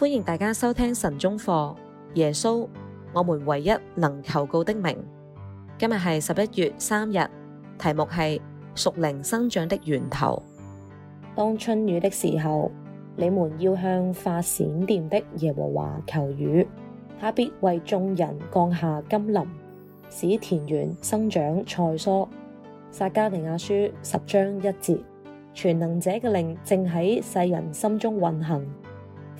歡迎大家收聽晨鐘課。耶穌，我們唯一能求告的名。今日係十一月三日，題目係屬靈生長的源頭。當春雨的時候，你們要向發閃電的耶和華求雨，他必為眾人降下甘霖，使田園生長菜蔬。撒迦利亞書十章一節，全能者嘅靈正喺世人心中運行。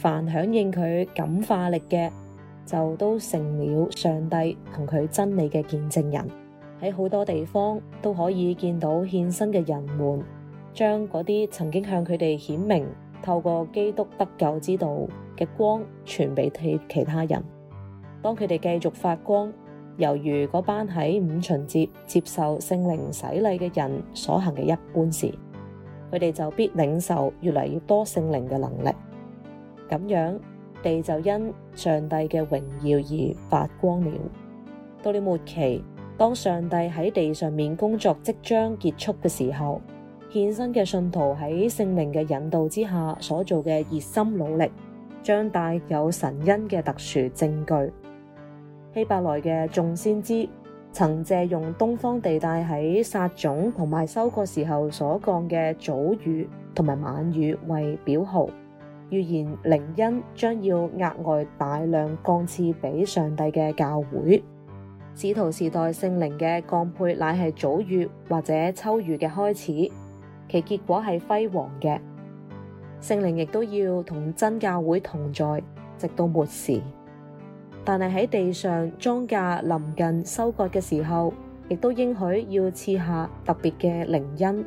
凡響應佢感化力嘅，就都成了上帝同佢真理嘅見證人。喺好多地方都可以見到獻身嘅人們，將嗰啲曾經向佢哋顯明透過基督得救之道嘅光傳俾其他人。當佢哋繼續發光，由於嗰班喺五旬節接受聖靈洗禮嘅人所行嘅一般時，佢哋就必領受越嚟越多聖靈嘅能力。咁樣，地就因上帝嘅榮耀而發光了。到了末期，當上帝喺地上面工作即將結束嘅時候，獻身嘅信徒喺聖靈嘅引導之下所做嘅熱心努力，將帶有神恩嘅特殊證據。希伯來嘅眾先知曾借用東方地帶喺撒種同埋收割時候所降嘅早雨同埋晚雨為表號。預言靈恩將要額外大量降賜俾上帝嘅教會，使徒時代聖靈嘅降配乃係早雨或者秋雨嘅開始，其結果係輝煌嘅。聖靈亦都要同真教會同在，直到末時。但係喺地上莊稼臨近收割嘅時候，亦都應許要賜下特別嘅靈恩，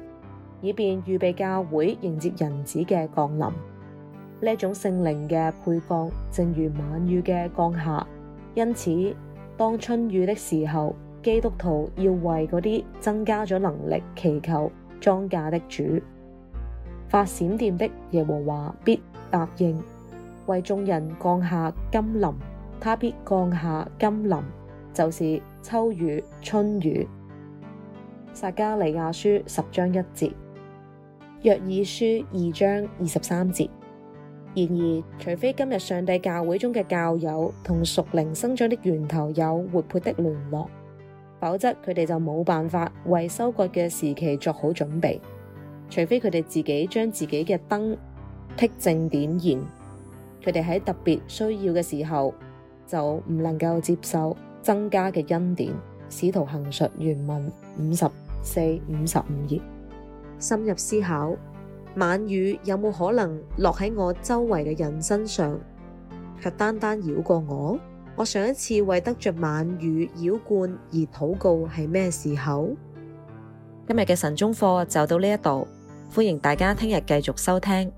以便預備教會迎接人子嘅降臨。呢種聖靈嘅沛降，正如晚雨嘅降下，因此當春雨的時候，基督徒要為嗰啲增加咗能力祈求，莊稼的主發閃電的耶和華必答應，為眾人降下甘霖他必降下甘霖，就是秋雨、春雨。撒迦利亞書十章一節，約珥書二章二十三節。然而，除非今日上帝教會中嘅教友同屬靈生長的源頭有活潑的聯絡，否則佢哋就冇辦法為收割嘅時期做好準備。除非佢哋自己將自己嘅燈剔正點燃，佢哋喺特別需要嘅時候就唔能夠接受增加嘅恩典。使徒行述原文五十四、五十五頁，深入思考。晚雨有冇可能落喺我周圍嘅人身上，卻單單繞過我？我上一次為得着晚雨澆灌而禱告係咩時候？今日嘅晨鐘課就到呢一度，歡迎大家聽日繼續收聽。